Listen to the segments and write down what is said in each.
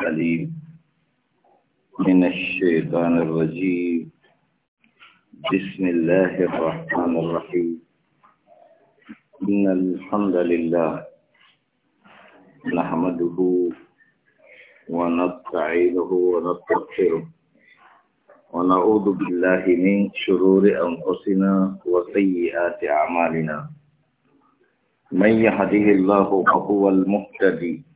العليم من الشيطان الرجيم بسم الله الرحمن الرحيم إن الحمد لله نحمده ونستعينه ونستغفره ونعوذ بالله من شرور أنفسنا وسيئات أعمالنا من يهده الله فهو المهتدي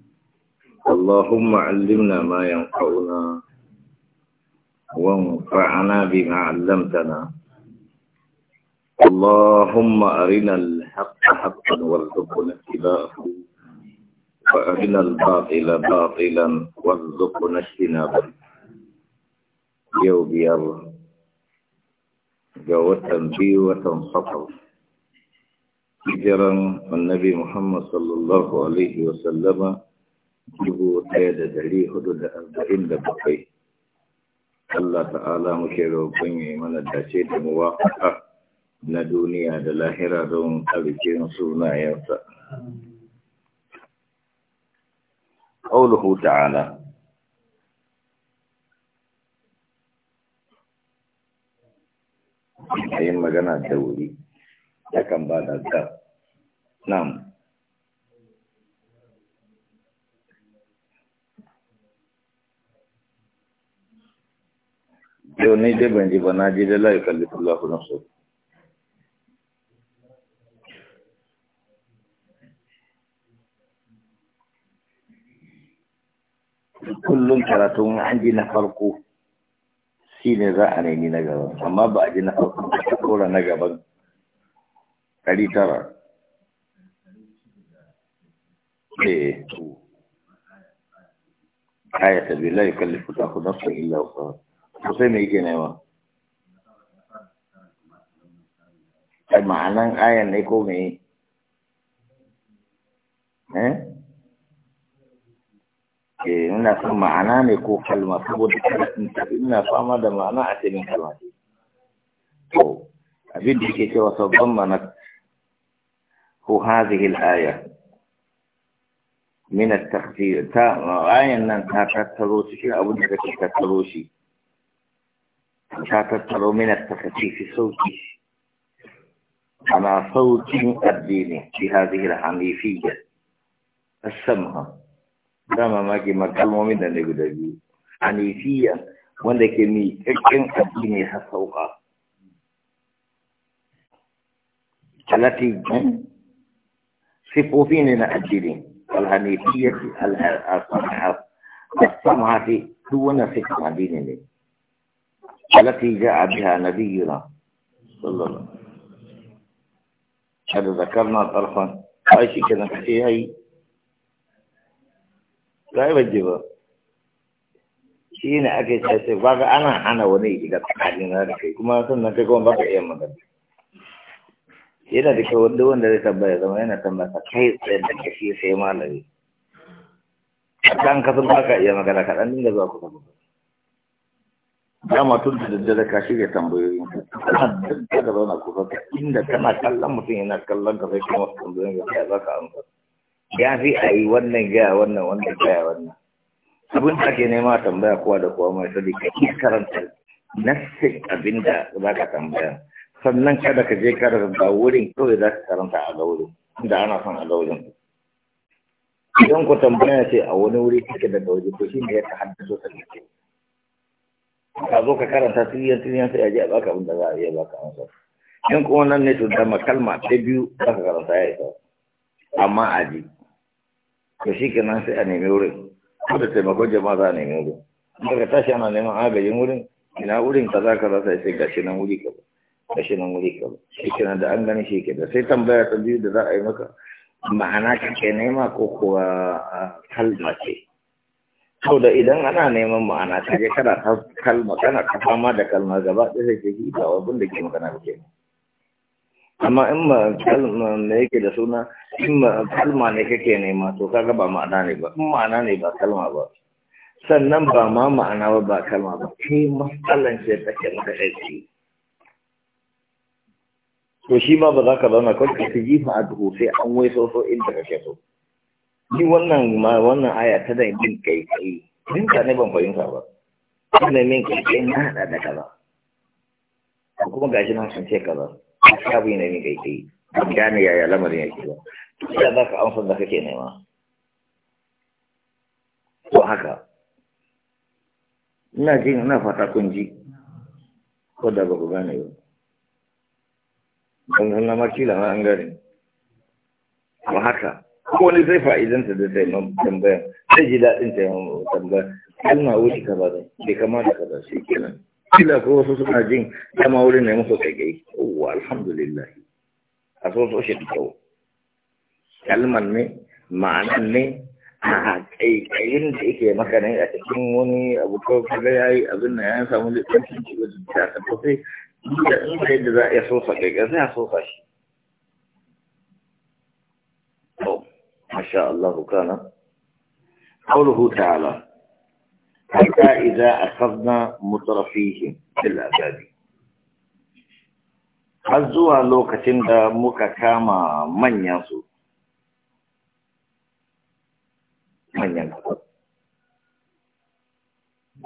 اللهم علمنا ما ينفعنا وانفعنا بما علمتنا اللهم أرنا الحق حقا وارزقنا اتباعه وأرنا الباطل باطلا وارزقنا اجتنابه يوم يرى جوة بيوة وتنصفر هجرا النبي محمد صلى الله عليه وسلم dubu ɗaya da dari hudu da arba'in da bakwai Allah ta'ala muke roƙon ya yi mana dace da muwafaka na duniya da lahira don ƙarfin sunayensa. Ƙauluhu ta'ala a yin magana da wuri, yakan ba da Nam. yau ni dai ban ji ba na ji da layi kalli kullahu na kullum karatun an ji na farko shi ne za a nemi na gaba amma ba a ji na farko ta kora na gaban ɗari tara eh ayata billahi kallifu ta ku nafsa حسين يجينا ما المعنى آية نيكون إيه ها إيه إن في معنى نيكون كلمة تبود إن فما ده معنى أتين ايه أو أبدي كي هو هذه الآية من التخفيف تا آية إن تا كتلوشي أبدي كي كتلوشي ta من mina takati fi sauki على صوت الدين في هذه الحنيفية السمعة دام ما كي مكالمة من النبي حنيفية وانك مي اكن الدين هالصوقة التي صفوفين لنا الدين الحنيفية السمعة دون سفو الدين التي جاء بها نبينا صلى الله عليه وسلم هذا ذكرنا طرفا أي شيء كذا في هي لا يوجب شيء أكيد شيء بقى أنا أنا وني إذا تكلم هذا كما سنة كم بقى إيه مثلا yana da kyau wanda wanda zai tambaya zama kai tsaye da kashi sai malami a kan kasan baka iya magana kaɗan dinga zuwa kusa kusa dama tun da daddare ka shirya tambayoyin kana da zauna kusa ka inda kana kallon mutum yana kallon ka sai kuma tambayoyin ka sai za ka amsa ya fi a yi wannan gaya wannan wannan gaya wannan abin da ake nema tambaya kowa da kowa mai sadi ka iya karanta nassin abin da za ka tambaya sannan kada ka je karanta wurin kawai za ka karanta a gaurin inda ana son a gaurin idan ku tambaya ce a wani wuri take daga waje to shi ne ya ta haddasa sanin ka zo ka karanta tiriyan tiriyan sai a ji a baka abin da za a iya baka amsa in kuma nan ne to dama kalma ta biyu za ka karanta ya isa amma a ji to shi kenan sai a nemi wurin ko da taimakon jama'a za a nemi wurin ka tashi ana neman agajin wurin ina wurin ka za ka rasa sai gashi nan wuri ka gashi nan wuri ka shi kenan da an gani shi ke da sai tambaya ta biyu da za a yi maka ma'ana kake nema ko kuwa ah, kalma ce sau da idan ana neman ma'ana ta je kana ta kalma kana ta fama da kalma gaba ɗaya sai ke yi wa abin da ke magana da ke amma in ma kalma ne yake da suna in ma kalma ne kake nema to kaga ba ma'ana ne ba in ma'ana ne ba kalma ba sannan ba ma ma'ana ba ba kalma ba ke matsalan ce ke maka aiki to shi ma ba za ka zauna kawai ka ji ma a duhu sai an waiso so inda kake so ni wannan ma wannan aya ta da bin kai kai din ka ne ban fahimta ba ina min kai kai na hada da kaza kuma gashi nan sun ce kaza ya bi ne min kai kai ban gane yaya lamarin yake ba ina za ka amsa da kake nema to haka ina jin ina fata kun ji ko da ba ku gane ba ban san na kila ma an gane ba haka ko wani zai fa'idanta da taimakon tambaya sai ji daɗin taimakon tambaya kalma wuce ka ba bai kamata ka ba shi kenan kila ko wasu suna jin dama wurin ne musu kai wa alhamdulillah a so so shi kyau kalman ne ma'anan ne a kaikayin da yake maka ne a cikin wani abu ko kaga yayi abin nan ya samu litsancin ciwo da ta tafi sai da in sai da za a iya sosa kaikai sai a sosa shi شاء الله كان قوله تعالى حتى إذا أخذنا مترفيهم في الأباد الزوى لو كتند مكا كاما من ينسو من ينسو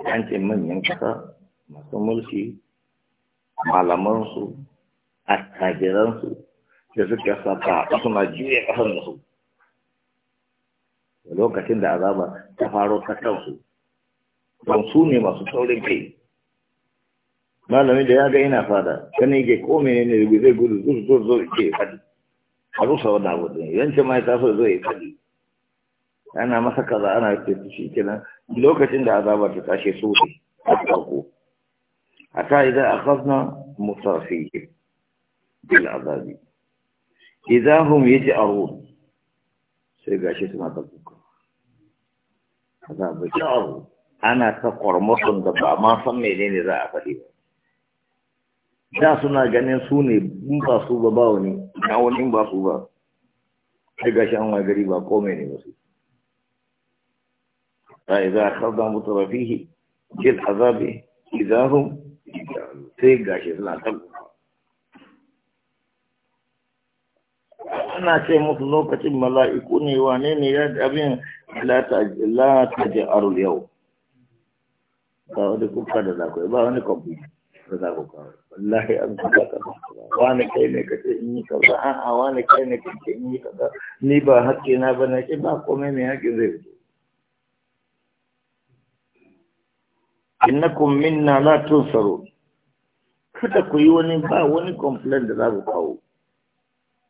أنت من ينسو ما سمولكي على منسو أتاجرانسو جزك يسابع أصنع جيئة أصنع نسو lokacin da azaba ta faro ta kansu don su ne masu saurin kai malami da ya ga ina fada gani ke kome ne ne zai gudu zuwa zuwa zuwa ke fadi a rusa wani abu ne yanci ma ya taso ya fadi ana masa kaza ana su shi kina lokacin da azaba ta tashe su ne a farko hatta idan akhadna musafihim bil azabi idahum yaj'arun sai gashi suna ta kuka babu kyau ana ta kwarmakon da ba ma san ne za a faɗi ba da suna ganin su ne in ba su ba ba wani na wani in ba su ba sai ga shi an wa gari ba kome ne wasu ta yi za a karda mutu rafihi jil azabi idahun sai ga shi suna tabbata ana ce musu lokacin mala'iku ne wane ne ya abin la arul yau ba wani kuka da zakwai ba wani kwabi da za ku kawo wallahi an kuka ka wani kai ne ka in yi kaza a'a wani kai ne kace in yi kaza ni ba haƙƙi na ba na ce ba komai mai haƙƙi zai wuce innakum minna la tunsaru kada ku yi wani ba wani complaint da za ku kawo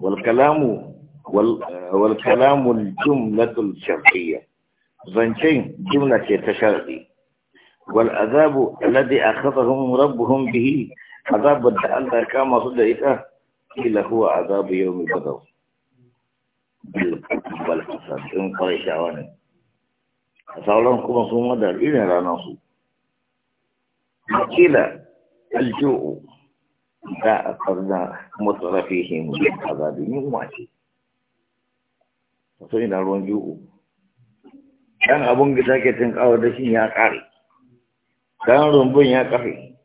والكلام والكلام الجملة الشرعية زنتين جملة تشرعي والعذاب الذي أخذهم ربهم به عذاب الدعال كما صدقته إلا هو عذاب يوم البدر بالحساب والحسن إن قريش عواني أسألهم كما صوم مدر إلى لا نصو وكلا الجوء za a farza mutsarafihim bin azabin yunwa ce wato ina ruwan ju'u ɗan abun gida ke cin kawar da shi ya ƙare ɗan rumbun ya ƙafe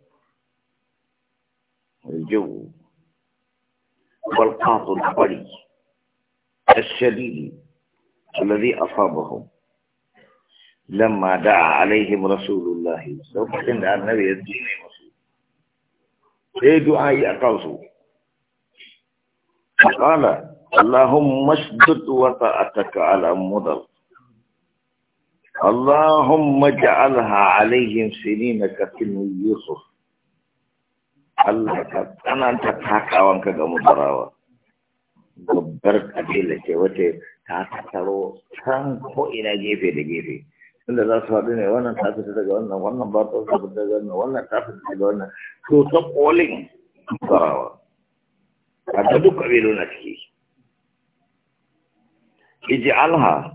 ju'u والقاط الحري الشديد الذي أصابهم لما دعا عليهم رسول الله سوف عند النبي الدين sai yi a kansu qala allahumma shdud wa ta'ataka ala allahun اللهم اجعلها عليهم na كسن yusuf Allah ka tsananta takawanka ga mudarawa babbar kabila ce wata ta tattaro can ko gefe da gefe inda za su haɗu ne wannan ta fita daga wannan wannan ba ta fita daga wannan wannan ta fita daga wannan to ta kolin farawa a ta duk ƙabilu na ciki iji alha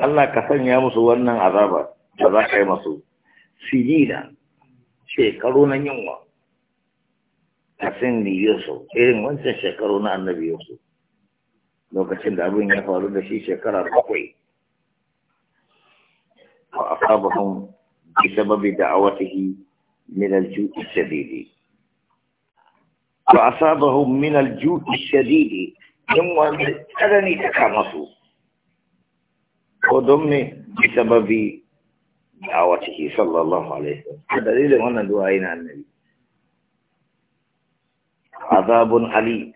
Allah ka sanya musu wannan azaba da za ka yi masu sijina shekaru na yunwa a sinni su irin wancan shekaru na annabi yusuf lokacin da abin ya faru da shi shekara bakwai فأصابهم بسبب دعوته من الجوع الشديد فأصابهم من الجوع الشديد ثم أذني تكامسوا ودم بسبب دعوته صلى الله عليه وسلم هذا دليل هنا دعائنا النبي عذاب علي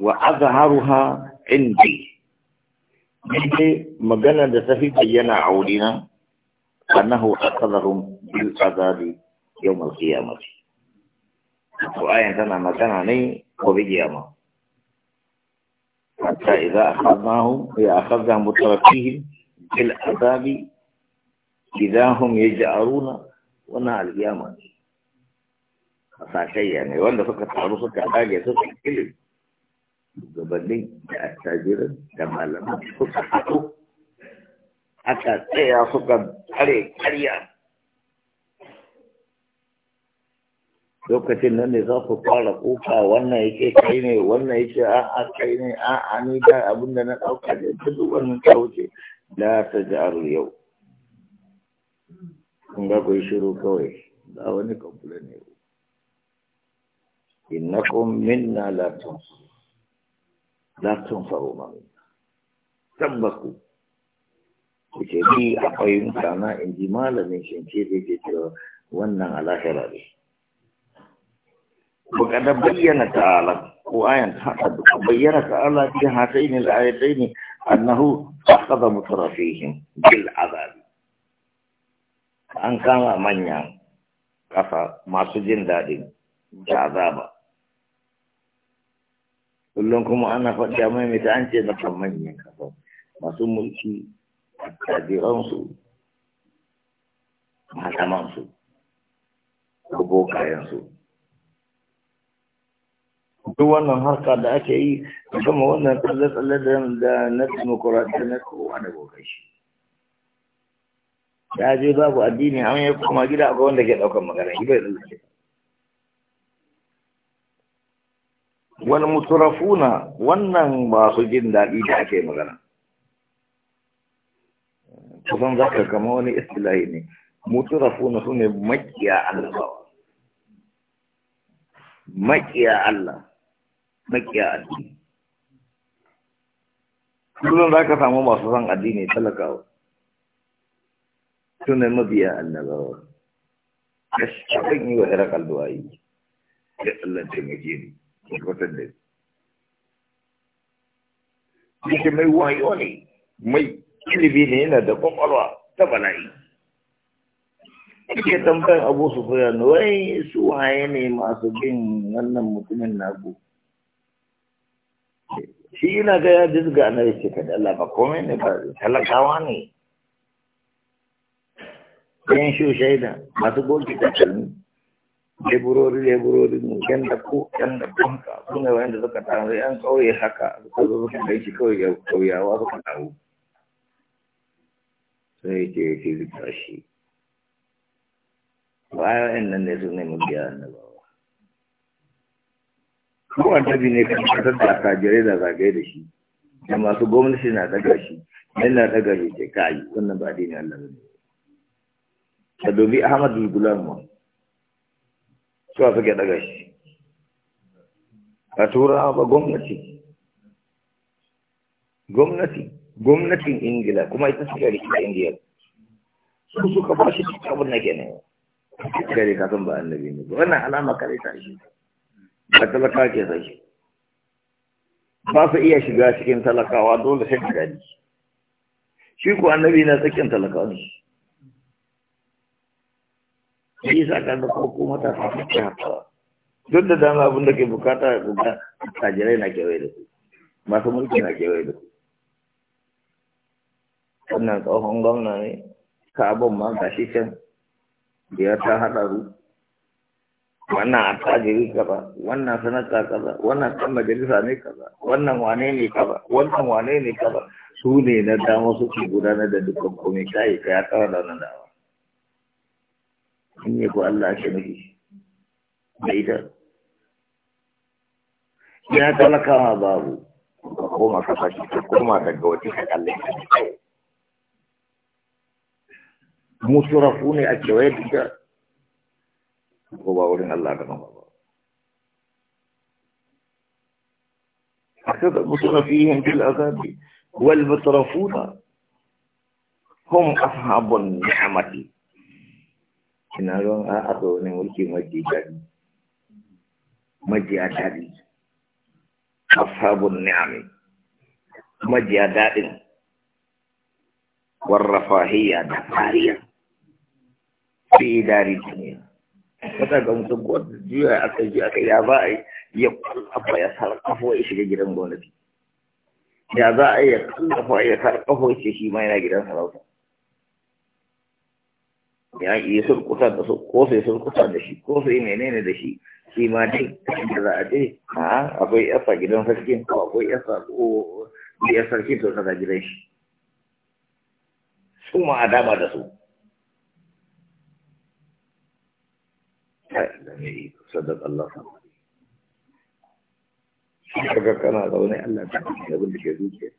وأظهرها عندي daidai magana da ta fi bayyana a wurina annahu biyu a zaɓi yau mal kiyamati to ayan tana magana ne ko bi kiyama hatta a akhadnahum ya a akhadna mutarafihim bil azabi idza hum yaj'aruna wana al kiyama ne kasashayya ne wanda suka taru suka dage suka ilimi shugabannin da attajirin da malaman suka haɗu aka tsaya suka tsare karya lokacin nan ne za su fara kuka wannan yake kai ne wannan yake a a kai ne a a ni da abin da na ɗauka ne ta duk wannan ta wuce da ta ji a yau kun ga kun shiru kawai ba wani kamfula ne innakum minna la tunsu لا تنفرون منا ku kuke bi akwai mutana in ji malamin shanke da ke cewa wannan alahira ne. Buka da bayyana ta'ala ko ayan ta haka ku bayyana ta'ala cikin hatsai ne da ayatai ne annahu a kaza mutarafihin bil azabi. An kama manyan ƙasa masu jin daɗin da azaba. kullum kuma ana faɗi a mai ta an ce na kan manyan kafa masu mulki tajiransu matamansu, ko kayansu. duk wannan harka da ake yi kuma wannan tsalle-tsalle da na demokuraɗi na kowa da bokai shi ya je babu addini an yi kuma gida akwai wanda ke ɗaukar magana shi bai tsalle wal mutrafuna wannan ba su jin daɗi da ake magana kusan za ka kama wani istilahi ne mutrafuna su ne makiya annabawa makiya Allah makiya addini kullum za ka samu masu son addini talakawa ne mabiya annabawa gaskiya kan yi wa hirar kalduwa yi ya tsallance mai jini tabbatar da shi mai wayo ne mai ilimi ne yana da kwakwalwa ta bala'i ake tambayar abu su fiya wai su waye ne masu bin wannan mutumin nagu shi yana ga ya dizga na yake ka da Allah ba komai ne ba talakawa ne yan shu shaida masu goki takalmi leburori leburori mu yan da ku yan da banka su ne wanda suka tare yan kauye haka suka zo suka kai shi kawai kauyawa suka dawo sai ce ya ce zuta shi bayan nan ne su ne mu biya annabawa ko annabi ne ka kasar da ka jere da zagaye da shi da masu gwamnati na daga shi yana daga shi ke kai wannan ba dinin Allah ne ka dubi Ahmadu Gulamu suka suke daga shi a turawa ba gwamnati gwamnati gwamnatin ingila kuma ita suka riki a indiya su suka ba shi cikin abin na ke ne gari ka ba annabi ne wannan alama kare ta shi ba talakawa ke sai shi ba su iya shiga cikin talakawa dole sai ka gani shi ko annabi na tsakin talakawa ne shi sa ka da ko kuma ta fi haka duk da dama abin da ke bukata ga tajirai na kewaye da su masu mulki na kewaye da su wannan tsohon gwamna ne ka abin ma ga shi can ya ta haɗaru wannan a tajiri kaza wannan sanata kaza wannan kan majalisa ne kaza wannan wane ne kaza wannan wane ne kaza su ne na dama suke gudanar da dukkan komai yi ka ya tsara da wannan dama in yi ko Allah ake nufi da ita ya talakawa babu ka koma ka fashi ka koma daga wata ka kalle ka musurafu ne a kewaye da ita ko ba wurin Allah ka kama ba أكثر المترفين في العذاب والمترفون هم أصحاب النعمة ina ruwan a a ne mulki maji daɗi majiya daɗi ashabun ni'ami a daɗin warrafahiyya da fariya fi idari ne. wata ga mutum ko juya aka yi aka ya za a ya kwallafa ya sarkafa ya shiga gidan gwamnati ya za a ya kwallafa ya sarkafa ya ce shi ma yana gidan sarauta ya yi surkuta da su ko sai surkuta da shi ko sai menene da shi shi ma dai da za a ce a akwai yasa gidan sarkin ko akwai yasa ko ya sarki to daga gidan shi su ma a dama da su sadar Allah kaga kana zaune Allah ta da abin da ke zuciya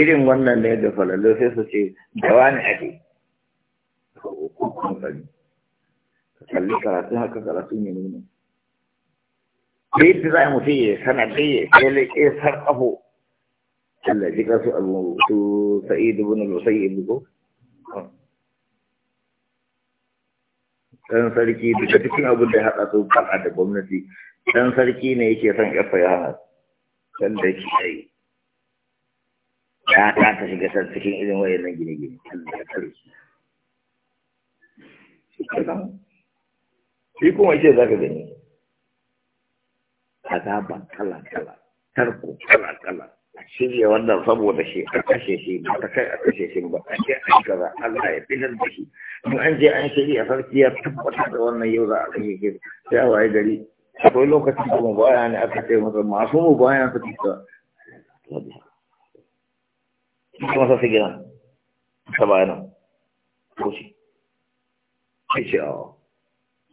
irin wannan ne da falallo sai su ce da wani ake ka kalli karatu haka karatu ne ya leƙe sarƙafo abu sa'idu al ko dan sarki daga cikin abin da ya haɗa su faɗa da gwamnati dan sarki ne yake son ƙafa ya hana dan da yake yi ya ta shiga cikin irin wayannan gine-gine Allah ya shi kuma yake za ka gani azaba kala kala tarko kala kala a shirya wannan saboda shi a kashe shi ba ta kai a kashe shi ba an je an kaza Allah ya fitar da shi in an je an shirya sarki ya tabbatar da wannan yau za a kashe shi sai a waye gari akwai lokacin da mubaya ne aka ce masa masu mubaya su fita kuma sa su gina ta bayanan ko shi kashawa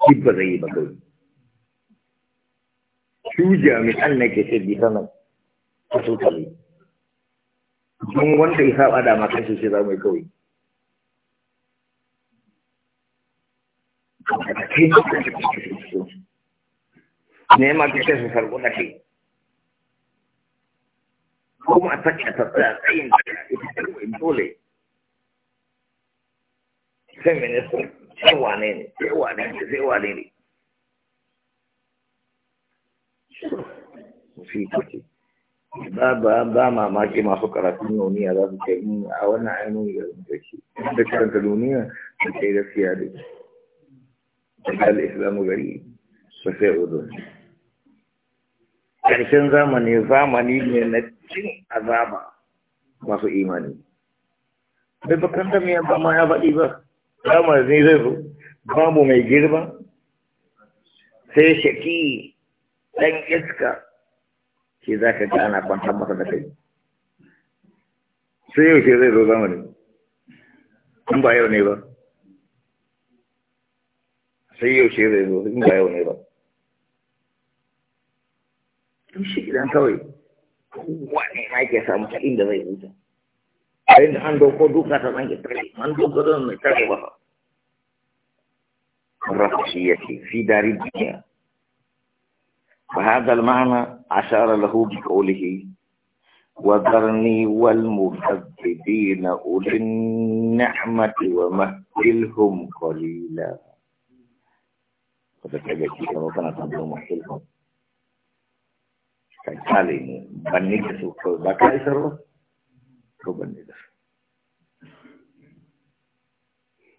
shi ba zai yi ba kawai su jami'an na ke sai bisa nan a don wanda ya saba da kashe shi za mu kawai ne ma kashe sarko na kai kuma a sake tattara tsayin da ya fi dole sai minista sai wane ne sai wane ne sai wane ne fi kake ba ba ba mamaki masu karatu duniya za su ce in hmm, a wannan ainihin da zan kake da karanta duniya da ke da ke da islamu gari su sai udun Karshen zamani zamani ne na cin azaba masu imani bai bakanta mai ba ma ya faɗi ba zamani zai zo babu mai girma sai shaki ɗan iska shi za ka ga ana da kai sai yau shi zai zo zamani in ba yau ne ba sai yau shi zai zo in ba yau ne ba shi idan kawai kowa ne ma ke samu ta inda zai huta sai da an dauko duka ta zan tare an dauko da mai tare ba الرفشية في دار الدنيا وهذا المعنى أشار له بقوله وذرني والمكذبين أولي النعمة ومهلهم قليلا فتكلم كيف وكان تنظر مهلهم فقال لي بنيك سوف بكاي to ban da su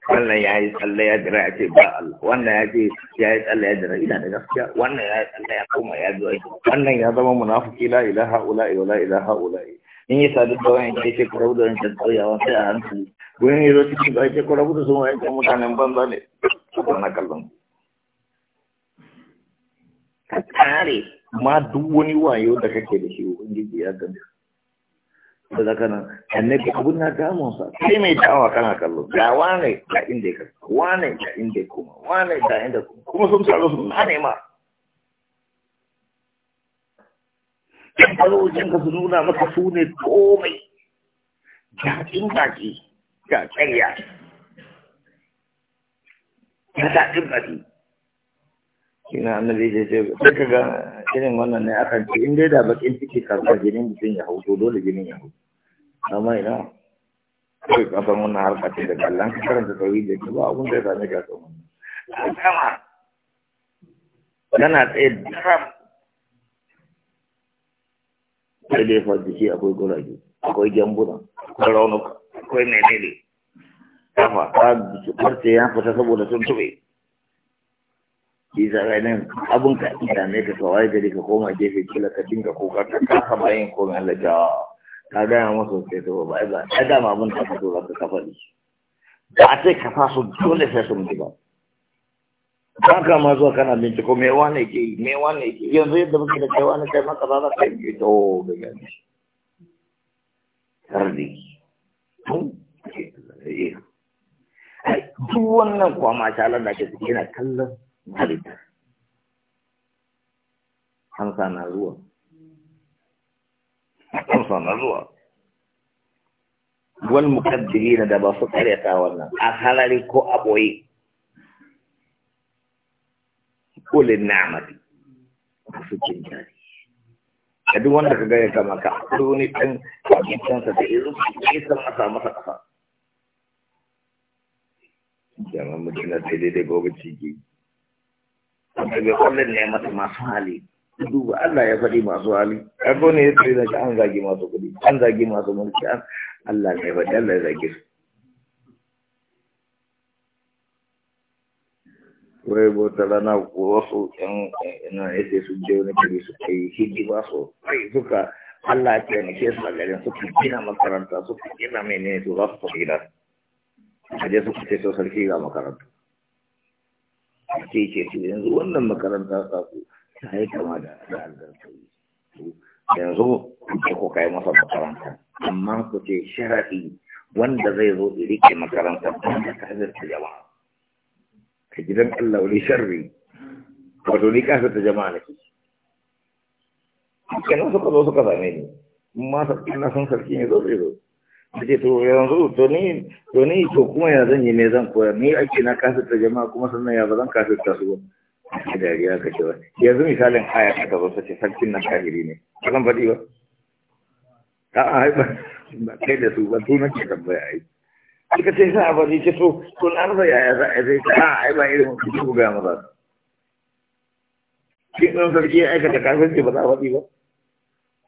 wannan ya yi tsalle ya jira ya ce ba Allah wannan ya ce ya yi tsalle ya jira ina da gaskiya wannan ya yi tsalle ya koma ya zo wannan ya zama munafuki la ilaha ula ila ilaha ula in yi sadu da wani ke ce kurabu da wancan tsauyawa sai a hankali gurin yi zo cikin ba ce kurabu da sun wancan mutanen banza ne suka na kallon ka kare ma duk wani wayo da kake da shi ubangiji ya gani da zaka nan annabi abun na damun sa sai mai dawa kana kallo ga wane ga inda ka wane ga inda kuma wane ga inda kuma kuma sun tsaro sun hane ne ma kalojin ka su nuna maka su ne komai ga inda baki ga tsariya ga daɗin baki kina annabi ce je sai kaga irin wannan ne akan ce in dai da bakin ciki karɓar jinin mutum ya hauto dole jinin ya hauto amma ina kai kasan wannan harka ce da kallon ka karanta sauri da ba abin da ya same ka kan wannan kama kana tsaye daram sai dai fa shi akwai guraje akwai gyambuna akwai raunuka akwai menene kafa ta jiki kwarce ya fita saboda sun tube shi ga nan abun ka ita ne ka tawaye gari ka koma gefe kila ka dinga kuka ka kasa bayan komai Allah jawa ka gaya masu sai to ba ba ya dama abin da ka zo ka faɗi ba a sai ka faso dole sai sun ji ba ba ka ma zuwa kana binciko me wane ke yi me wane ke yi yanzu yadda muke da kai wane kai maka ba za ka yi to da gani tardi duk wannan kuwa masha Allah da ke yana kallon halitta hansa na zuwa amsa na zuwa wal mukaddiri da ba su karyata wannan a halari ko a boye kulin na'amati su cin jari a duk wanda ka gaya kama ka akwai wani ɗan abincinsa da irin ke san a masa ƙasa jama'a mutum na sai daidai gobe ciki wanda bai kwallon ne masu hali duba Allah ya faɗi masu hali ko ne ya tsari da an zagi masu kuɗi an zagi masu mulki an Allah ne faɗi Allah ya zagi su wai bauta rana wasu ƴan ina ya su je wani kiri su kai hijima su kai suka Allah ya taimake ke sa garin su gina makaranta su gina menene su za su tafi gida a je su kuce su sarki ga makaranta ce ce yanzu wannan makaranta sa ku ta yi kama da algarkawi yanzu kuke ku kai masa makaranta amma ku ce sharaɗi wanda zai zo ya rike makaranta wanda ka hazarta jama'a ka gidan Allah wani sharri wato ni ka hazarta jama'a na nake kenan suka zo suka same ni ma sarki na san sarki ne zo zai zo ce to yanzu to ni to ni to kuma ya zan yi ne zan koya ni ake na kasarta jama'a kuma sannan ya ba zan kasarta su ba dariya ka yanzu misalin aya ta gaba sarkin kahiri ne ba ba a kai ba suka ce sa ba ce to yaya za a zai ta ai irin a faɗi ba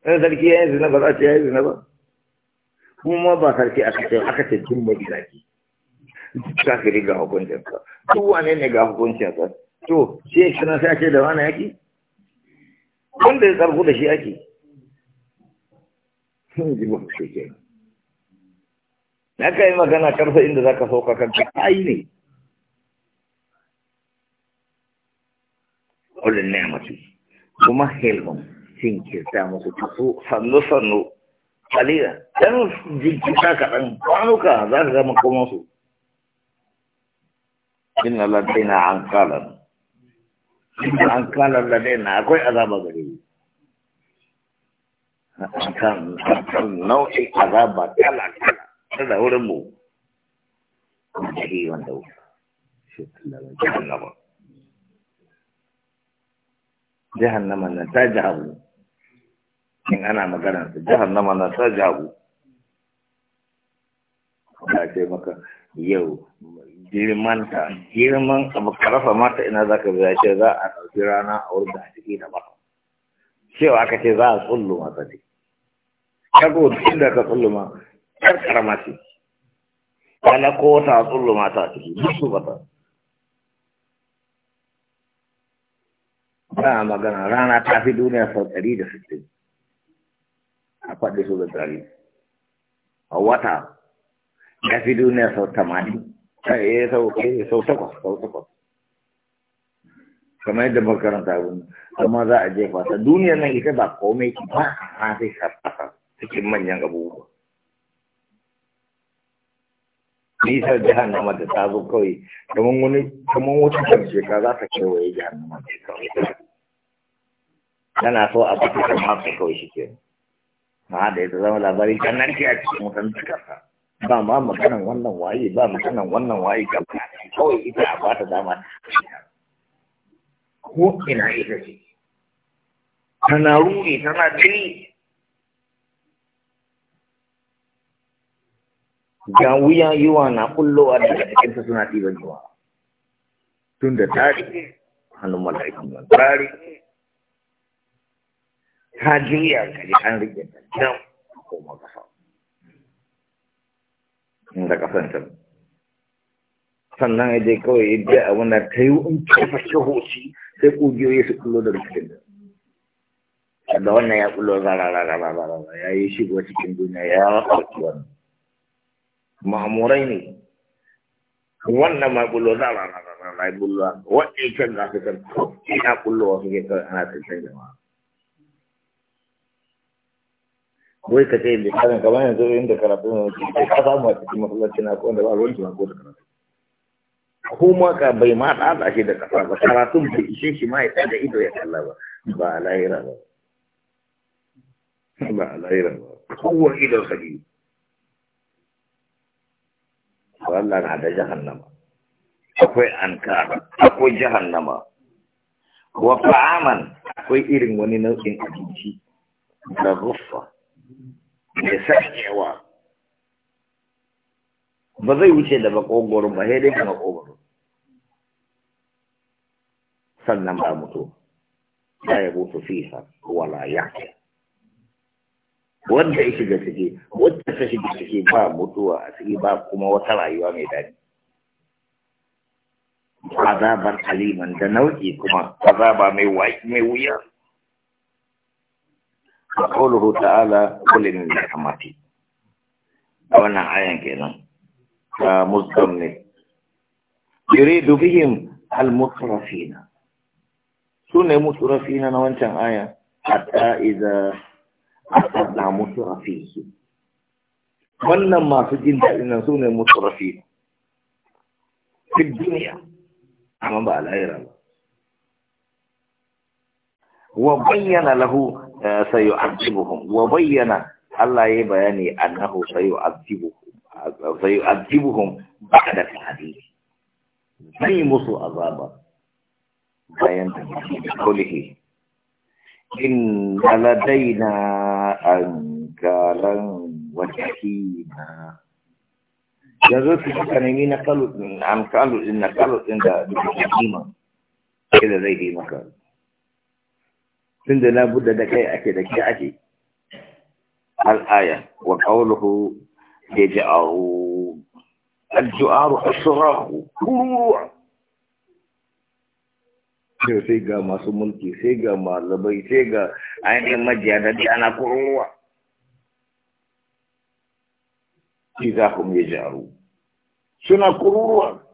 ɗan sarki ya yi zina ba za a ce ya yi zina kuma ba sarki aka ce aka ce tun ba gida kafiri ga hukuncinsa duk wane ne ga hukuncinsa to shi ya kira sai ake da wani yaki wanda ya karku da shi ake sun ji ba su ke na yi magana karfa inda za ka sauka kanka ayi ne ƙulin ne mace kuma helmon sun kirta musu taso sannu-sannu kalila ɗan jinkita kaɗan kwanuka za ka gama kuma su inna lantina an kalan inda an kala na akwai azaba gare ni kan nau'in azaba kala kala ta da wurin mu da shi wanda wuta shi jahannama jahannama nan ta jahabu in ana magana su jahannama nan ta jahabu ta ce maka yau ta girman abu karfa mata ina za ka biya ce za a ɗauki rana a wurin da ciki da ba cewa aka ce za a tsullu masa ce kago duk da ka tsullu ma kar karama ce wala ko ta tsullu mata a ciki duk su bata ba magana rana ta fi duniya sau ɗari da sittin a faɗi su da ɗari a wata ya fi duniya sau tamanin Eh, eh sau eh sau takwas sau takwas kamar yadda makaranta abin amma za a jefa ta duniyar nan ita ba komai ki ba amma sai shafa cikin sa abubuwa nisar jahannama da ta zo kawai kamar wani kamar wata karshe ka za ta kewaye jahannama ce kawai tana so a bata kamar kawai shi ke ma da ya zama labari kan nan ce a cikin wutan ba ma maganan wannan waye ba maganan wannan waye gaba kawai ita a bata dama ko ina ita ce tana ruri tana gani ga wuya yiwa na kullowa daga cikinta suna ɗiban yiwa tun da tari hannun mala'ikan nan tari ta juya ka an rike ta jan ko kasa da kasanta sannan ya je kawai ya je abin da ta yi in kafa shahoci sai ƙugiyoyi su kullo da rikicin da da wannan ya kullo rarararararara ya yi ko cikin duniya ya rafarki wannan ma'amurai ne wannan ma kullo rararararara ya kullo wa'in can za su kan ya kullo ke kawai ana tattalin jama'a wai ka ce misalin kamar yanzu inda karatu na wuce sai ka samu a cikin masallaci na ko da ba ruwan ba ko da karatu ko ma ka bai ma tsada shi da kasa ba karatun bai ishe shi ma ya tsada ido ya kalla ba ba a lahira ba ba a lahira ba kowar idon sabi Allah na da jahannama akwai ankara akwai jahannama wa fa'aman akwai irin wani nau'in abinci Na ruffa mai sanyewa ba zai wuce da makogoron ba sai dai ka makogoro sannan ba mutu ya yi mutu fiha wala ya wanda ya shiga ciki wanda ta shiga ciki ba mutuwa a ciki ba kuma wata rayuwa mai daɗi azabar aliman da nau'i kuma azaba mai wuya قوله تعالى كل من رحمتي وانا عين كذا مزدمن يريد بهم المترفين سنة مترفين وانت آية حتى إذا أصدع مترفيه ولما في الدين تألنا سنة مترفين في الدنيا أما بقى العيرة وبين له sayu'adhibuhum wa bayyana Allah ya bayani annahu sayu'adhibuhum sayu'adhibuhum ba'da hadith zai musu azaba bayan kulihi in ladaina ankalan wa tahina yanzu su suka nemi na kalu din kalu na kalu din da duk kima da zai yi maka tun da labudda da kai ake da ke ake al'aya wa ƙaunuhu ya ji a'u alju'aru asurahu kururuwa yau sai ga masu mulki sai ga malabai sai ga ainihin majiya da ana kururuwa shi za ku ya ji suna kururuwa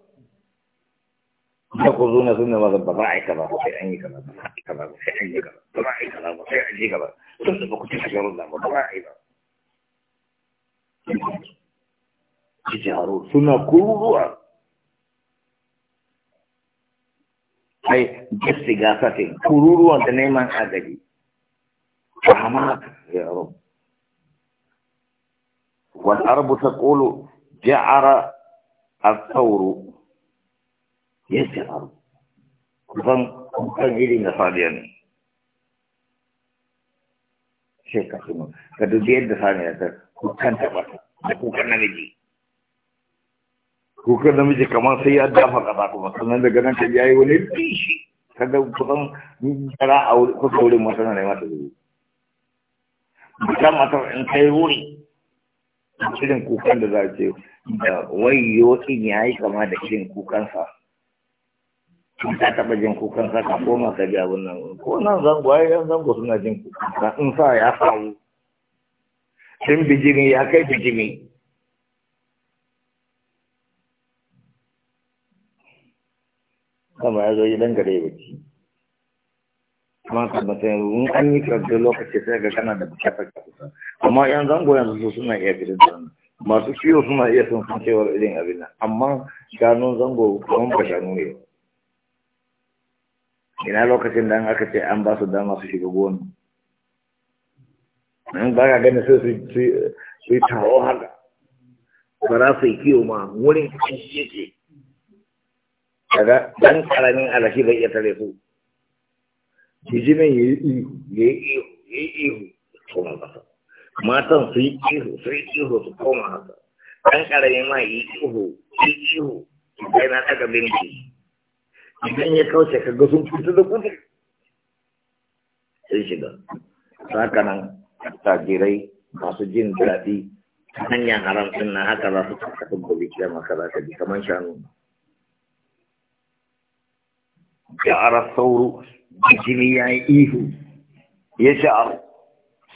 يقولون ثم ماذا بضاعي كذا وسيعني كما بضاعي كذا وسيعني كما بضاعي كذا وسيعني كما ثم بكتب حجر الله وبضاعي يجهرون ثم كلها أي باستغاثة كلها دنيما أدري فهمات يا رب والأرب تقول جعر الثور ya faru kusan kusan ka kukan da kukan namiji kukan namiji kamar sai ya dafa ƙasa kuma sannan daga nan ta yayi wani rishi kaga kusan tara a kusa wurin masu na mata zuwa musamman ta in kai wuri irin kukan da za a ce da wayo in ya yi kama da irin kukansa ka taɓa jin kukan sa ka koma ka ji abin nan ko nan zango gwaye yan zango suna jin kukan in sa ya samu sun bijimi ya kai bijimi kama ya zo dan gare baki kuma tabbatar in an yi kyautar lokaci sai ga kana da bukatar kusa amma yan zango yanzu su suna iya fitar da wannan masu ciwo suna iya sun san cewar irin abin nan amma shanun zango kuma ba shanu ne ba ina lokacin da aka ce an ba su dama su shiga gona nan ba ka gani sai su yi taro haka ba za su yi kiwo ma wurin kashi yake daga ɗan ƙaramin alashi bai iya tare su bijimin ya yi ihu ya yi ihu ya yi ihu koma matan su yi ihu su yi ihu su koma haka ɗan ƙaramin ma ya yi ihu yi ihu sai na ɗaga binci idan ya kauce ka ga sun fito da kudi sai shiga saka nan tajirai masu jin daɗi ta hanyar haram sun na haka za su tattafin gobe kiyama ka za ka ji kamar shanu ya ara sauro jini ya yi ihu ya ce a ah,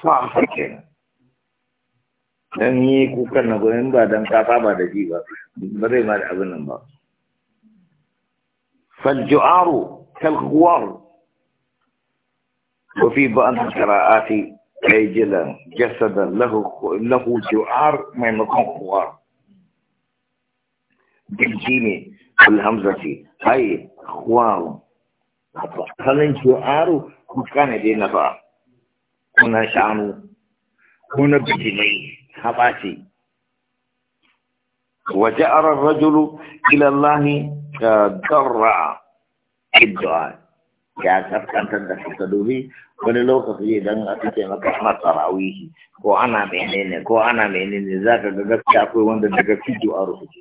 sa hake don yi kukan na gobe ba don ka ba da ji ba ba zai ma da abin nan ba فالجعار كالغوار وفي بعض القراءات عجلا جسدا له له جعار من الغوار بالجيم والهمزة أي خوار هل الجعار كان دي نفع هنا شعنو هنا بجمعي حباسي وجعل الرجل إلى الله تضرع الدعاء ya kaskantar da suka ta wani lokaci idan a cikin maka ana ko ana menene ko ana menene za ka ga gaskiya akwai wanda daga fijo a rufe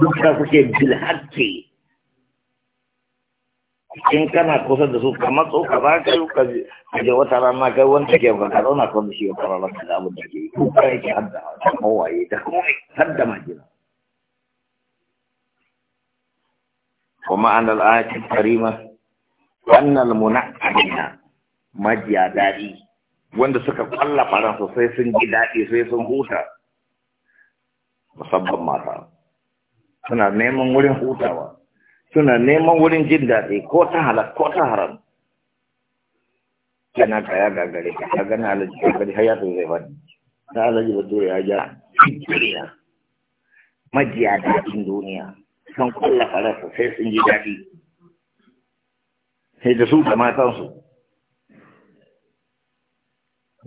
duk da kuke bilhakke in kana kusa da su kamar so ka ba ka yi, ka je wata rana kai wanda ke ba ka zauna kan shi fara lafi da abin da ke yi. ka yake hadda hawaye da kuma hadda majina kuma an al'ayat karima annal Amina majiya daɗi, wanda suka kwalla faran sosai sun ji daɗi, sai sun huta musamman mata suna neman wurin hutawa suna neman wurin jin daɗi ko ta halal ko ta haram yana kaya gagare ka ta na alaji gagare har ya to zai fadi na alaji ba dole ya ja duniya majiya daɗin duniya sun kulla farasa sai sun ji daɗi sai da su da matansu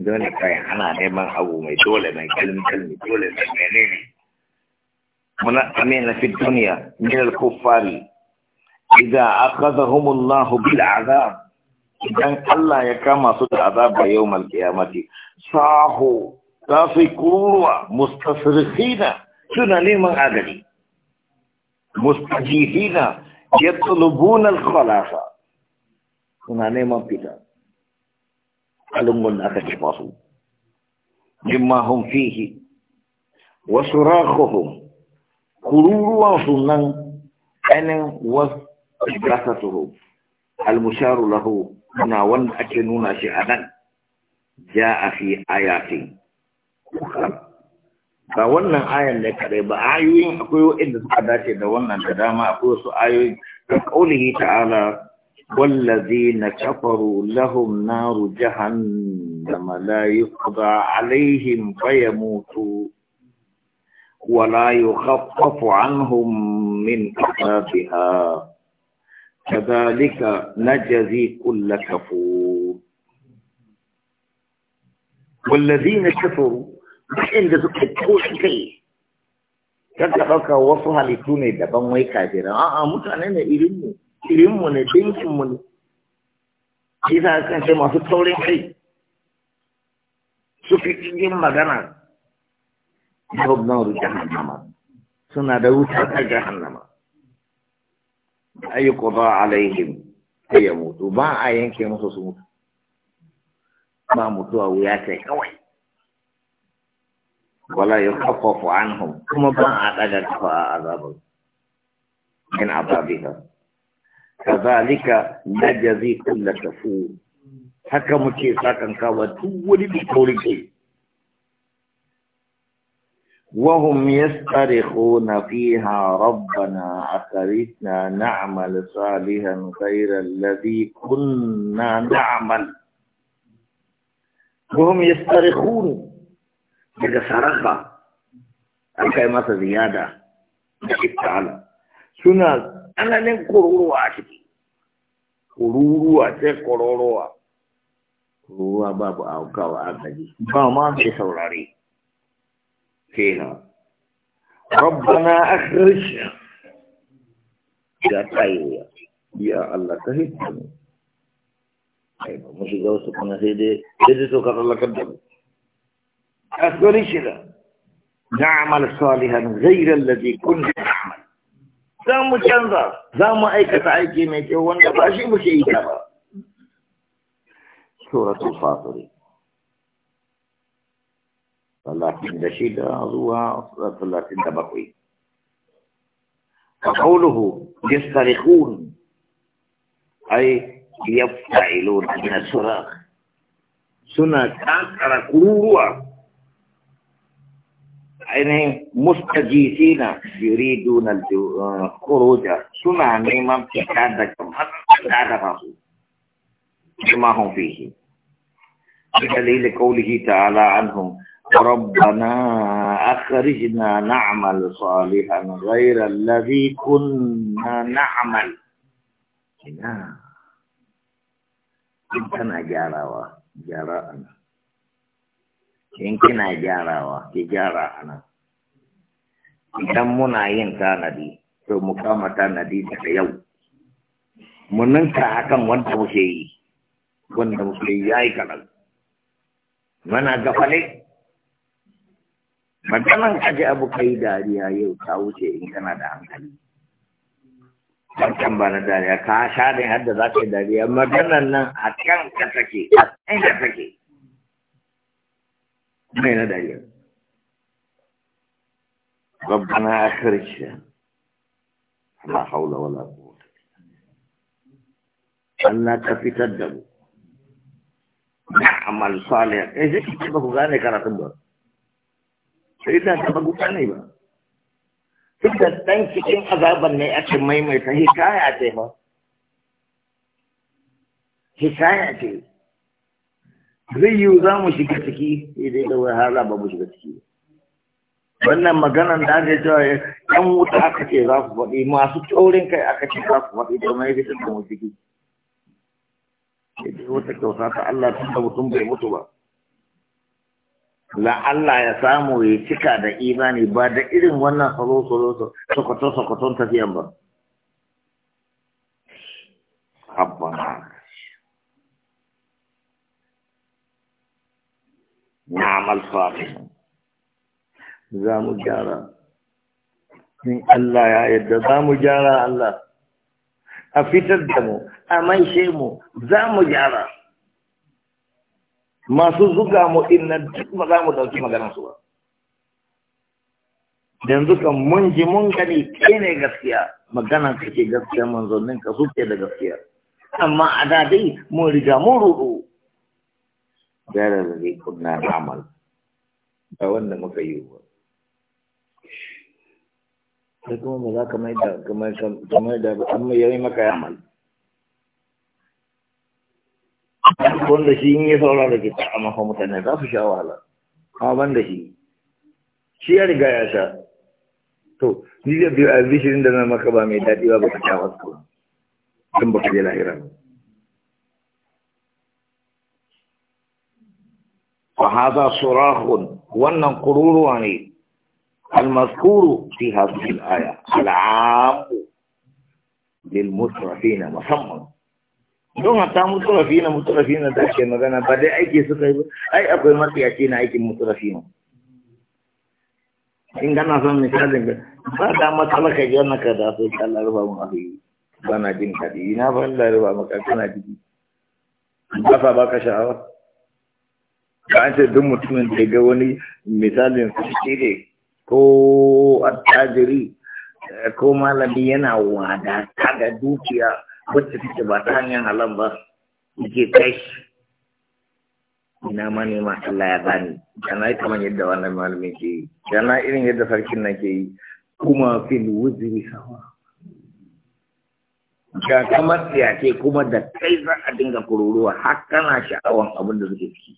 dole kayan ana neman abu mai dole mai kalmi kalmi dole mai menene muna amina fi duniya min al-kuffari إذا أخذهم الله بالعذاب إذن الله يكما سد عذاب يوم القيامة صاحوا تافكوا مستصرخين لي نعم من أدري مستجيفين يطلبون الخلاصة لي من بدا ألمون أكتباسوا مما هم فيه وصراخهم كروروا سنن أنا وصراخهم إدراسته المشار له هنا ونأكنون شيئا جاء في آيات أخرى ba wannan ayan ne kadai ba ayoyin akwai wa'inda suka dace da wannan da dama akwai wasu ayoyi da kaulihi ta'ala wallazina kafaru lahum naru jahannama la yuqda alaihim fayamutu wa la yukhaffafu anhum min azabiha كذلك نجزي كل كفور والذين كفروا مش عند تقول شيء كان تقول كوصها لتوني ده بان ويكا جرا اه اه متى انا ارمو ارمو ندينش مني كيف كان سيما في التولين شيء سوفي تنجم مغانا يهب نور جهنم سنة دوتا جهنم جهنم ay ba alaihim sai ya mutu ba a yanke musu su mutu ba a wuya sai kawai wala yukhaffafu anhum kuma ba a daga kafa a azabin min azabiha kazalika jazi kullu kafur haka muke sakan kawa duk wani mai taurin kai وهم يسترخون فيها ربنا أخرجنا نعمل صالحا غير الذي كنا نعمل وهم يسترخون مرجع سرخا أكاي ما زيادة نجيب تعالى سنة أنا لن كرورو أشتي كرورو أشتي كرورو كرورو بابا أوكاو أكاي بابا ما أشتي فيها ربنا أخرجنا يا طيب يا الله كهيتنا طيب مش جوز سبحان سيدي سيدي سكر الله كدب أخرجنا نعمل صالحا غير الذي كنت نعمل za mu canza za mu aikata aiki mai kyau wanda ba shi muke yi talatin da shida ثلاثين talatin فقوله يسترخون أي يفتعلون من الصراخ سنة كاكرة كرورة يعني مستجيسين يريدون الخروج سنة نيمم تكاد كما كما هم فيه بدليل قوله تعالى عنهم ربنا أخرجنا نعمل صالحا غير الذي كنا نعمل ina in kana gyarawa gyara ana nan in kina gyarawa ki gyara a nan idan muna yin tanadi to mu kama tanadi daga yau mu ninka hakan wanda muke yi wanda muke yi ya yi kanan mana gafale maganan kaji abu kai dariya yau ta wuce in kana da hankali wancan ba na dariya ka sha ne har da za ka yi dariya maganan nan a kan ka take a kan ka take mai na dariya ربنا أخرجنا لا حول ولا قوة Allah ka fitar da mu. Na amal salih. Eh, zai ki ba ku gane karatun ba. sai da ta buga ne ba duk da dan cikin azaban ne ake maimaita hikaya ce ba hikaya ce zai yiwu za mu shiga ciki idan da hala ba mu shiga ciki wannan maganan da ake cewa yan wuta aka ce za su faɗi masu taurin kai aka ce za su faɗi domin ya fitar da mu ciki. Ita wata kyauta ta Allah tun da mutum bai mutu ba. la Allah ya samu ya cika da imani ba da irin wannan salo-salo sokoto-sokoton tafiyan ba. Abba na amalfafi za mu gyara. In Allah ya yadda za mu gyara Allah, a fitar da mu, a maishe mu, za mu gyara. masu zuga mu din nan duk ba za mu dauki maganar su ba yanzu kan mun ji mun gani kai ne gaskiya maganar ka ce gaskiya manzannin ka suke da gaskiya amma a da dai mun riga mun ruɗu. gara da zai kunna amal ba wanda muka yi ba sai kuma ba za ka mai da kamar da an mai yayi maka amal wanda shi in yi saurara kita a mafa mutane za su sha wahala amma ban da shi shi ya riga ya sha to ni da biyu a bishirin da na maka ba mai daɗi ba baka sha wasu don baka je lahira fa hadha surahun wannan kururuwa ne المذكور في هذه الآية العام للمسرفين مصمم don hatta mutarafi na mutarafi na da ke magana ba dai aiki suka yi ai akwai ake na aikin mutarafi na in gana son misalin ga ba da matsala ka ji wannan ka da so ka Allah rufa mu ahi ba na jin kadi ina ba Allah rufa mu ka kana jiki ba fa ba ka sha'awa ka an ce duk mutumin da ga wani misalin su ne ko attajiri ko malami yana wada ga dukiya wacce take ba ta hanyar halal ba Nake kai ina ma ne ma Allah ya bani yana yi kamar yadda wannan malami ke yi yana irin yadda sarkin na ke yi kuma fil wuzuri sawa ga kamar tsiyake kuma da kai za a dinga kururuwa har kana sha'awan abin da suke ciki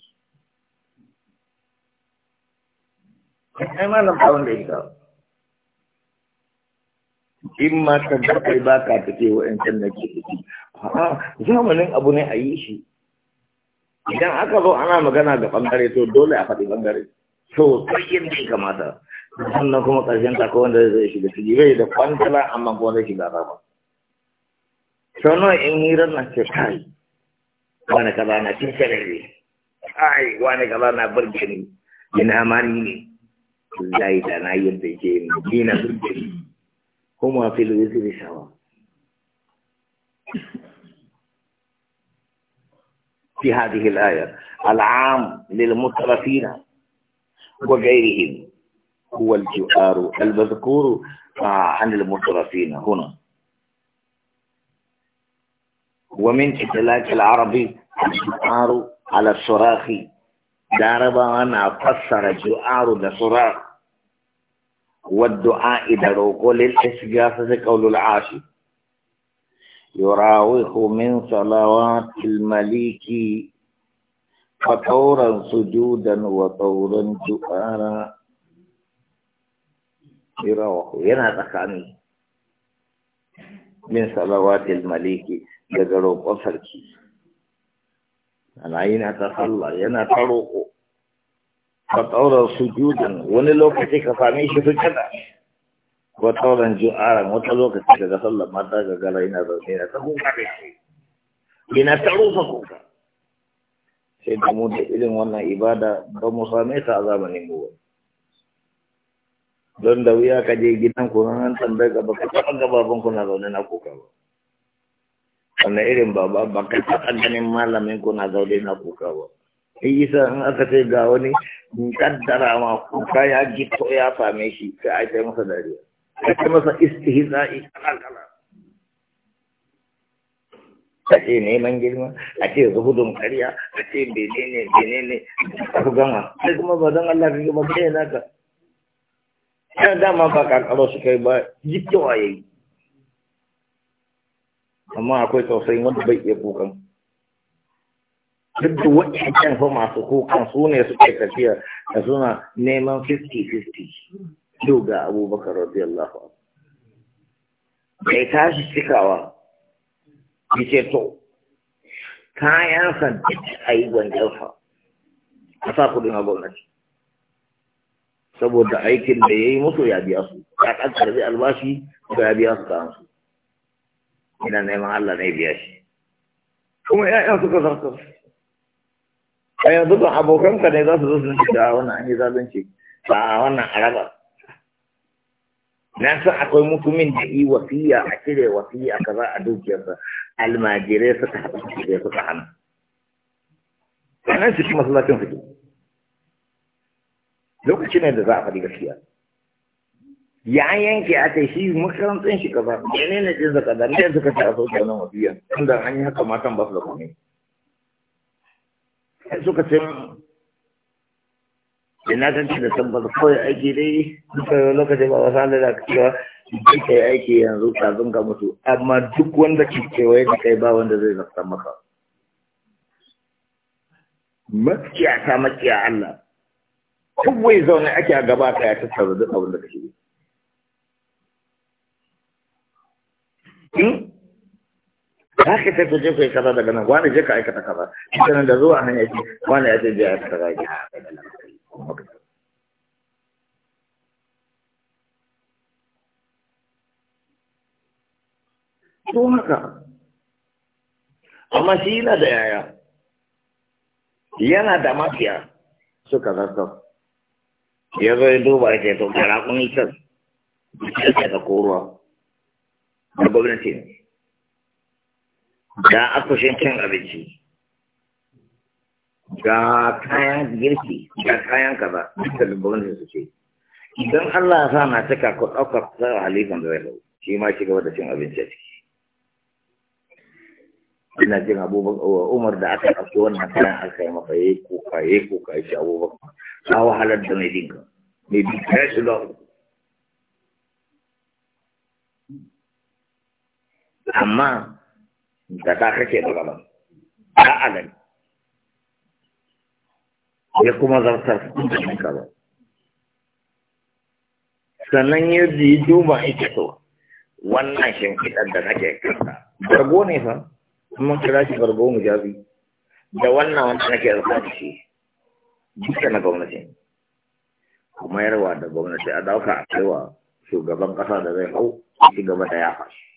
kai malam tsawon da ya in ma ka ga kai ba ka take wa'ancan da ke ciki a'a zamanin abu ne a yi shi idan aka zo ana magana ga bangare to dole a faɗi bangare to sai yadda ya kamata sannan kuma ƙarshen ta wanda zai shiga ciki bai da kwantala amma kuma zai shiga rama sau nawa in hirar na ce kai wani kaza na cin sarari ai wani kaza na burge ni ina ni ne zai da na yadda ke ni na burge ni هما في الوزر سواء في هذه الآية العام للمترفين وغيرهم هو الجوار المذكور عن المترفين هنا ومن إطلاق العربي الجوار على الصراخ داربا أنا قصر الجوار بصراخ والدعاء دروق للإسقاف قول العاشي يراوخ من صلوات المليك فطورا سجودا وطورا جؤارا يراوح ينا تكاني من صلوات المليك دروق أسركي أنا أين أتصلى ينا تروقه ka tsaura sujudan wani lokaci ka same shi sujjada ko tsauran ju'aran wata lokaci daga sallar mata ga gara yana zaune na ta kuka da shi yana ta rufa kuka sai da mu da irin wannan ibada ba mu same ta a zamanin mu don da wuya ka je gidan ku nan tambayar ka baka taɓa gababan ku na zaune na kuka ba wannan irin baba baka taɓa ganin malamin ku na zaune na kuka ba isa in aka ce ga wani kaddara ma kuka ya gito ya same shi ka a kai masa dariya ka kai masa istihza'i kala ka a ce neman girma a ce zuhudun karya a ce benene benene a gama sai kuma ba don Allah gama ka, kai naka yana dama ba kakaro su kai ba jikewa ya yi amma akwai tausayin wanda bai iya kukan duk da waɗancan fa masu kukan su ne suke tafiya da suna neman 50-50 yau ga abubakar radiyallahu Allah. bai tashi cikawa ya ce to kayansa duk a yi gwanjarsa a sa kudin a gwamnati saboda aikin da ya yi musu ya biya su ya ɗan zai albashi da ya biya su kayan su ina neman Allah na biya shi kuma 'ya'yan suka zartar a yanzu ba abokanka ne za su zo sun ce da wannan an yi zalunci ba wannan araba na san akwai mutumin da yi wasiya a cire wasiya kaza a dukiyarsa almajirai suka haɗu da suka hana sannan su ci masallacin fito lokaci ne da za a faɗi gaskiya ya yanke a kai shi makarantar shi kaza ne ne jin zaka da ne suka ta a sauke wannan wasiya tunda an yi haka matan ba su da komai suka ce ina zan ci da tabbata kawai aiki dai duka lokacin ba wasu hannu da cewa ji ka aiki yanzu kafin ka mutu amma duk wanda ke kewaye da kai ba wanda zai zafta maka makiya ta makiya Allah kubwai zaune ake a gaba ka ya tattara duk abin da ka yi za ka sai ku je ku yi kaza daga nan wani je ka aikata kaza ita da zuwa hanya ce wani ya je je aikata kaza to haka amma shi yana da yaya yana da mafiya suka zartar ya zo ya duba ya ce to kara kun yi can ya ce da koruwa da gwamnati ne ga akushin cin abinci ga kayan girki ga kayan kaza da lubban da suke idan Allah ya sa na cika ku ɗaukar tsara halifan da zai shi ma shi gaba da cin abinci a ciki ina jin abubakar umar da aka ɗauki wannan kayan aka yi maka yi kuka yayi kuka shi abubakar ta wahalar da mai dinka mai dinka ya shiga amma da ka kake magana a anan ya kuma zartar ka ba sannan ya ji duba ita to wannan shimfiɗar da nake kanta bargo ne fa mun kira shi bargo mu jabi da wannan wanda nake zartar da shi duka na gwamnati kuma yarwa da gwamnati a dauka a cewa shugaban ƙasa da zai hau shi gaba da ya fashi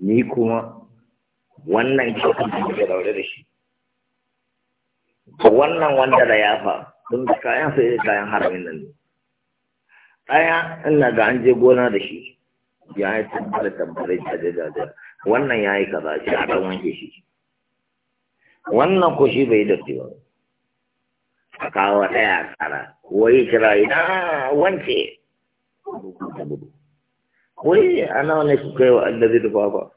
ni kuma wannan kyautar da muke daure da shi wannan wanda da yafa don da kayan sai kayan haramin nan ne ɗaya ina ga an je gona da shi ya yi tambara da da da wannan ya yi kaza shi a ɗan wanke shi wannan ko shi bai dafi ba a kawo ɗaya a tsara wai kira ina wance wai ana wani kuka wa allazi baba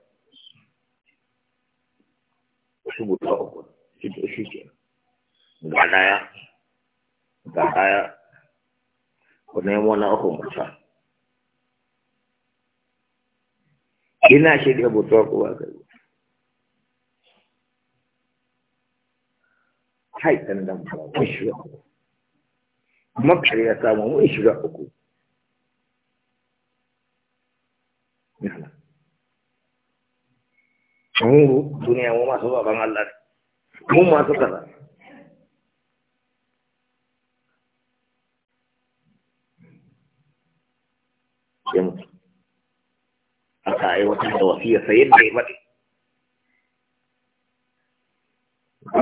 su buta uku shi to shi ke ga daya ga daya na uku mutum ina shirya buta ku ba kai kai dan dan ba mun shiga mun kariya samu mun shiga mu duniya mu masu baban Allah ne mu masu kaza ya mutu aka aiwatar da wasiya sai yadda ya faɗi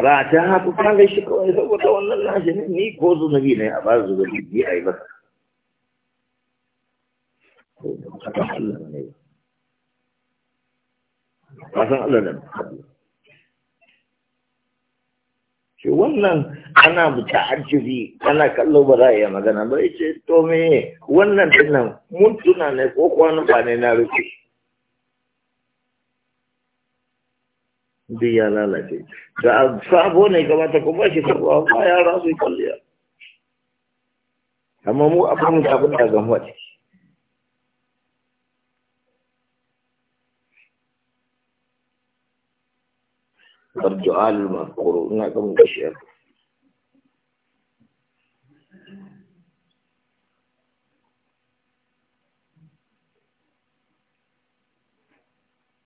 ba ta haku kan gaishe kawai saboda wannan nashi ne ni ko zunubi ne a ba zunubi ni a yi ba. Allah ne ba. kasan Allah da shi wannan ana buta arjibi ana kallo ba za a iya magana ba ce to me wannan dinnan mun tuna ne ko kwanan ba ne na rufe duk ya lalace da sabo ne gabata ko ba shi sabuwa ba ya rasu yi kwalliya amma mu abin da abin da gamuwa ciki Barjual makuru ina kan bashir.